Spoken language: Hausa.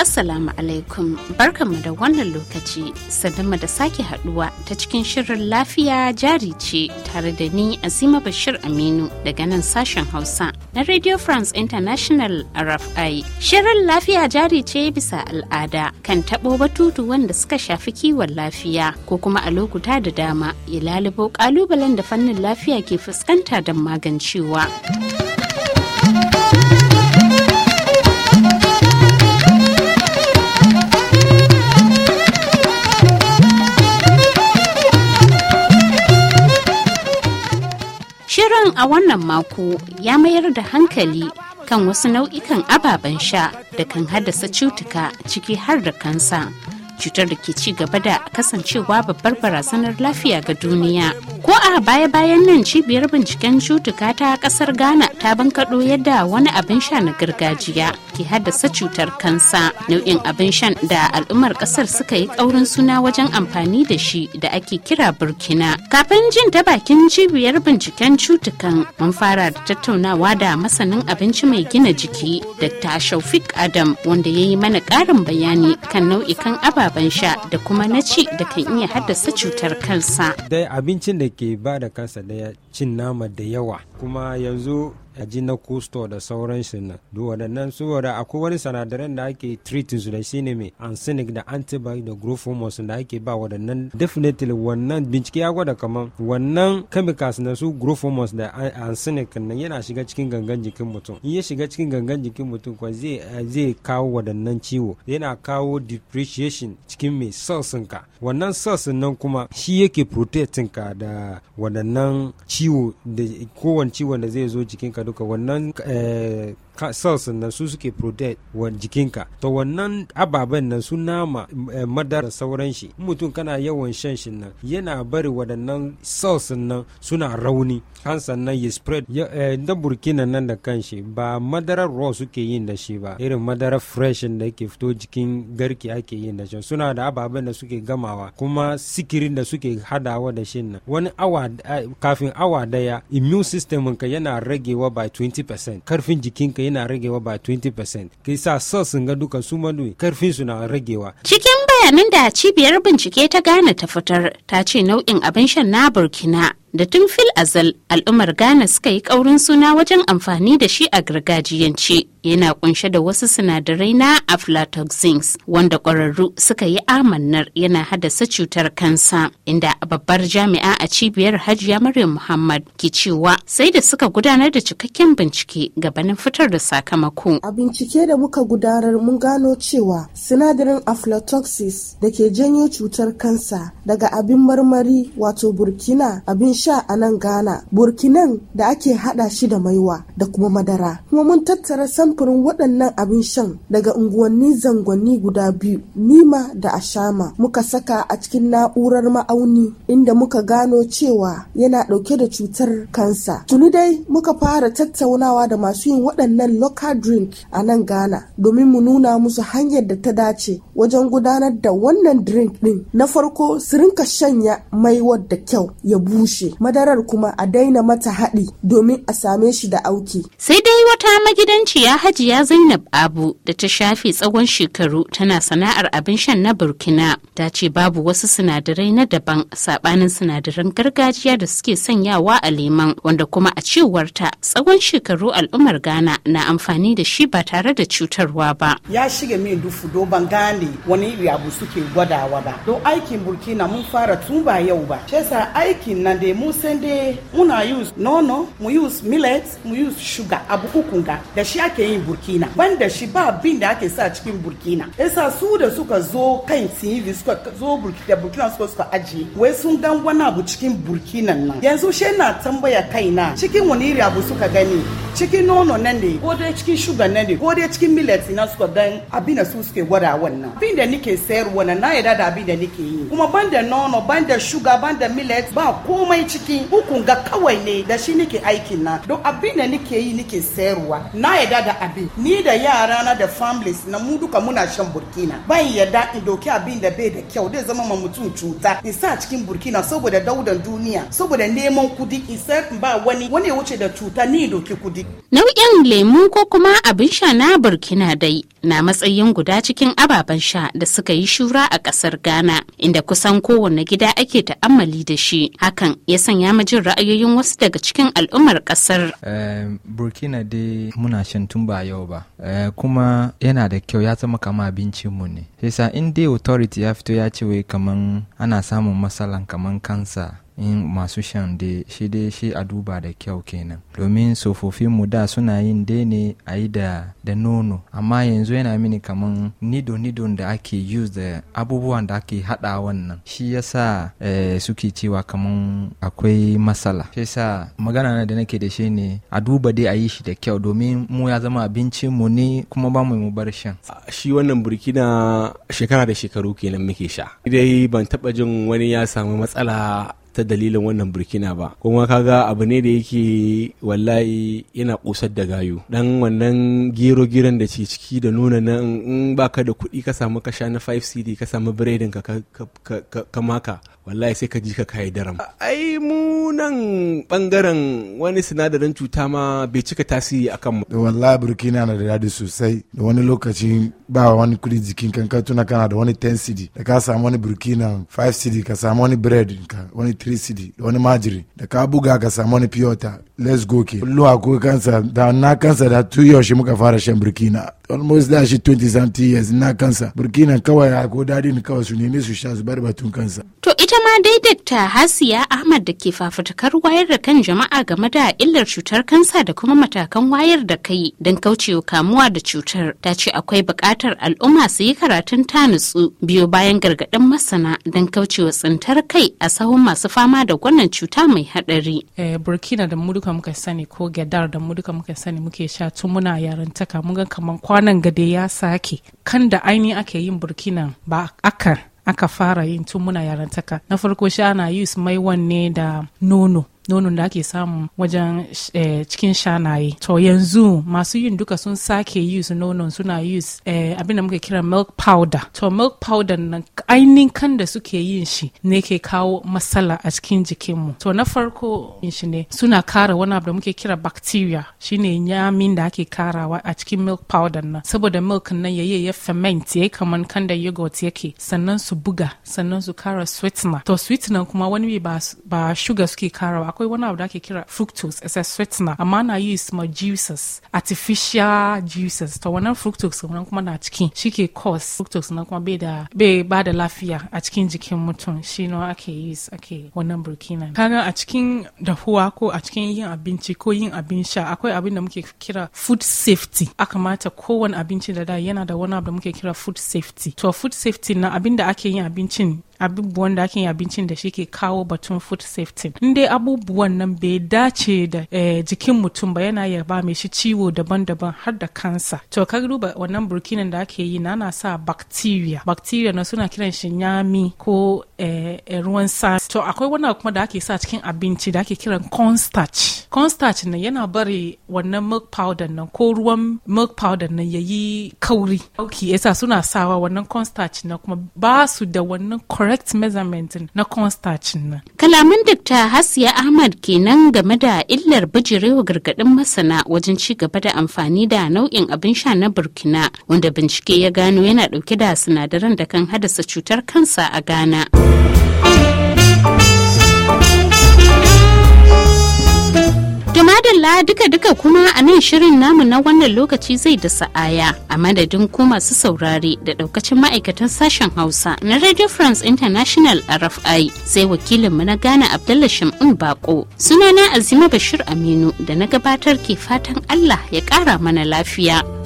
Assalamu alaikum barkanmu da wannan lokaci sadama da sake haduwa ta cikin shirin lafiya jari ce tare da ni Azima Bashir Aminu daga nan sashen Hausa na Radio France International RFI. Shirin lafiya jari ce bisa al'ada kan tabo batutu wanda suka shafi kiwon lafiya ko kuma a lokuta da dama ya lalubo kalubalen da fannin lafiya ke fuskanta don magancewa. Shirin a wannan mako ya mayar da hankali kan wasu nau'ikan ababen sha da kan haddasa cutuka ciki har da kansa. Cutar da ke ci gaba da kasancewa babbar barazanar lafiya ga duniya. Ko a baya-bayan nan cibiyar binciken cutuka ta kasar Ghana ta bankaɗo yadda wani abin sha na gargajiya ke haddasa cutar kansa nau'in abin shan da al'ummar kasar suka yi ƙaurin suna wajen amfani da shi da ake kira Burkina. Kafin jin ta bakin cibiyar binciken cutukan mun fara da tattaunawa da masanin abinci mai gina jiki Dr. Shaufik Adam wanda ya yi mana ƙarin bayani kan nau'ikan ababen sha da kuma na ci da kan iya haddasa cutar kansa. Dai abincin da ke ba da kansa da cin nama da yawa kuma yanzu a ji na kusto da sauran shi nan duk waɗannan saboda akwai wani sanadaran da ake treating su da ne mai arsenic da antibiotic da growth hormones da ake ba waɗannan definitely wannan bincike ya gwada kaman wannan chemicals na su growth hormones da arsenic nan yana shiga cikin gangan jikin mutum in ya shiga cikin gangan jikin mutum kuwa zai kawo waɗannan ciwo yana kawo depreciation cikin mai ka wannan cells nan kuma shi yake protecting ka da waɗannan ciwo da kowane ciwon da zai zo jikinka duka wannan eh, cells nan su suke protect wa jikinka to wannan ababen nan su nama eh, madara sauran shi mutum kana yawan shan shi nan yana bari waɗannan cells nan suna rauni kansa sannan ya spread eh, na burkina nan da kanshi ba madara raw suke yin da shi ba irin madara fresh da yake fito jikin garki ake yin da shi suna da ababen da suke gamawa kuma sikirin da suke hadawa da shi nan wani awa kafin awa daya immune system ka yana ragewa by 20% karfin jikinka yana ragewa by 20% kai sa sosin ga duka su manu karfin su na ragewa cikin bayanin da cibiyar bincike ta gane ta fitar ta ce nau'in abin shan na burkina da tun fil azal al'ummar ghana suka yi ƙaurin suna wajen amfani da shi a gargajiyance yana kunshe da wasu sinadarai na aflatoxins wanda ƙwararru suka yi amannar yana haddasa cutar kansa inda a babbar jami'a a cibiyar hajiya maryam muhammad ke cewa sai da suka gudanar da cikakken bincike gabanin fitar da sakamako a bincike da muka gudanar mun gano cewa sinadarin aflatoxins da ke janyo cutar kansa daga abin marmari wato burkina abin sha a nan Ghana, Burkinan da ake hada shi da maiwa da kuma madara. Kuma mun tattara samfurin waɗannan abin shan daga unguwanni zangonni guda biyu, Nima da Ashama, muka saka a cikin na'urar ma'auni inda muka gano cewa yana ɗauke da cutar kansa. Tuni dai muka fara tattaunawa da masu yin waɗannan local drink a nan Ghana domin mu nuna musu hanyar da ta dace wajen gudanar da wannan drink ɗin. Na farko su rinka shanya maiwar da kyau ya bushe. madarar kuma a daina mata haɗi domin a same shi da auki. Sai dai wata magidanciya Hajiya Zainab Abu da ta shafe tsawon shekaru tana sana'ar abin shan na Burkina ta ce babu wasu sinadarai na daban sabanin sinadaran gargajiya da suke sanyawa a leman wanda kuma a cewarta tsawon shekaru al'ummar Ghana na amfani da shi ba tare da cutarwa ba. Ya shiga min dufu do ban gane wani abu suke gwadawa ba. Don aikin Burkina mun fara tun ba yau ba. Shesa aikin nan da mu san dai use nono mu use millet mu use sugar abuku kunga da shi ake yin burkina ban da shi ba abin da ake sa cikin burkina yasa su da suka zo kan tv suka zo burkina burkina suka suka ajiye wai sun gan wani abu cikin burkina nan yanzu she na tambaya kaina cikin wani iri abu suka gani cikin nono nan ne ko dai cikin sugar nan ne ko dai cikin millet na suka gan abin da su suke gwada wannan abin da nike sayarwa na yada da abin da nike yi kuma banda da nono ban da sugar ban millet ba komai ciki hukun ga kawai ne da shi nike aikin na don abin da nike yi nike sayarwa na yadda da abin ni da yara na da families na mu duka muna shan burkina ban yadda in doki abin da bai da kyau zai zama ma mutum cuta in sa cikin burkina saboda daudan duniya saboda neman kudi in sayar ba wani wani ya wuce da cuta ni doki kudi nau'in lemu ko kuma abin sha na burkina dai na matsayin guda cikin ababen sha da suka yi shura a kasar ghana inda kusan kowane gida ake ta'ammali da shi hakan ya sanya majin ra'ayoyin wasu daga cikin al'ummar kasar. Eh, burkina dai muna shan tun ba yau ba eh, kuma yana da kyau ya zama kama abincin mu ne sai in dai authority ya fito ya ce wai kaman ana samun matsalan kaman kansa in masu shan da shi dai shi a duba da kyau kenan domin sofofin mu da suna yin dai ne a yi da nono amma yanzu yana mini kaman nido nido da ake use da abubuwan da ake hada wannan shi yasa eh, suke cewa kaman akwai matsala shi yasa magana na da nake da shi ne a duba dai a yi shi da kyau domin mu ya zama abincin mu ne kuma ba mu bar shan shi wannan burkina shekara da shekaru kenan muke sha dai ban taba jin wani ya samu matsala ta dalilin wannan burkina ba kuma kaga abu ne da yake wallahi yana kusar da gayu dan wannan gero giran da ce ciki da nuna na in baka da kuɗi ka samu ka na 5 cd ka samu biredin ka ka maka wallahi sai ka ji ka kai daram ai mu nan bangaren wani sinadarin cuta ma bai cika tasiri a mu wallahi burkina na da dadi sosai da wani lokaci ba wani kuɗi jikin kan ka tuna kana da wani 10 cd da ka samu wani burkina 5 cd ka samu wani bread ka wani electricity wani majiri da ka buga ka samu wani piyota let's go ke luwa ko kansa da na kansa da tu yaushe muka fara shan burkina almost da shi 20 something years na kansa burkina kawai a ko dadin kawai su nemi su sha su bar batun kansa to ita ma dai dakta hasiya ahmad da ke fafutukar wayar da kan jama'a game da illar cutar kansa da kuma matakan wayar da kai don kaucewa kamuwa da cutar ta ce akwai bukatar al'umma su yi karatun ta nutsu biyo bayan gargaɗin masana don kaucewa tsintar kai a sahun masu fama da wannan cuta mai haɗari. Eh, burkina da mu duka muka sani ko gadar da mu duka muka sani muke sha tun muna yarantaka mun ga kamar kwanan gade ya sake kan da aini ake yin burkina ba aka aka fara yin tun muna yarantaka na farko shi ana use maiwan ne da nono nonon da ake samu wajen eh, cikin shanaye to yanzu masu yin duka sun sake use nonon suna use eh, abin da muka kira milk powder to milk powder na ainihin kan da suke yin shi ne ke kawo matsala a cikin jikinmu to na farko shi ne suna kara wani abu da muke kira bacteria shine yamin da ake karawa a cikin milk powder na. saboda milk nan yi ya ferment yi kaman kan da yogurt yake sannan su buga sannan su kara sweetener to sweetener kuma wani ba, ba sugar suke karawa akwai wani abu da ake kira fructose as a sweetener amma na use ma juices artificial juices to wannan fructose wannan kuma na cikin shi ke cause fructose na kuma bai da ba da lafiya a cikin jikin mutum shi ne ake use ake wannan burkina kaga a cikin dahuwa ko a cikin yin abinci ko yin abin sha akwai abin da muke kira food safety a kamata kowane abinci da da yana da wani abu da muke kira food safety to food safety na abin da ake yin abincin abubuwan da ake abincin da shi ke kawo batun food safety in dai abubuwan nan bai dace da eh, jikin mutum ba yana yaba mai shi ciwo daban-daban har da kansa to ka duba wannan burkinan da ake yi na sa bacteria bacteria na suna kiran shi nyami ko eh, eh, ruwan sa to akwai wannan kuma da ake sa cikin abinci da ake kiran cornstarch cornstarch na yana bari wannan milk powder nan ko ruwan milk powder nan yayi kauri okay yasa suna sawa wannan cornstarch na kuma ba su da wannan correct measurement na cornstarch nan. Kalaman Dr. Hasiya Ahmad kenan game da illar bijirewa gargadin masana wajen ci gaba da amfani da nau'in abin sha na Burkina wanda bincike ya gano yana dauke da sinadaran da kan haddasa cutar kansa a Ghana. duka-duka kuma a nan shirin namu na wannan lokaci zai da sa'aya a madadin ku masu saurare da daukacin ma'aikatan sashen hausa na radio france international rfi sai wakilinmu na ghana abdullashim un bako sunana azima bashir aminu da na gabatar ke fatan allah ya kara mana lafiya.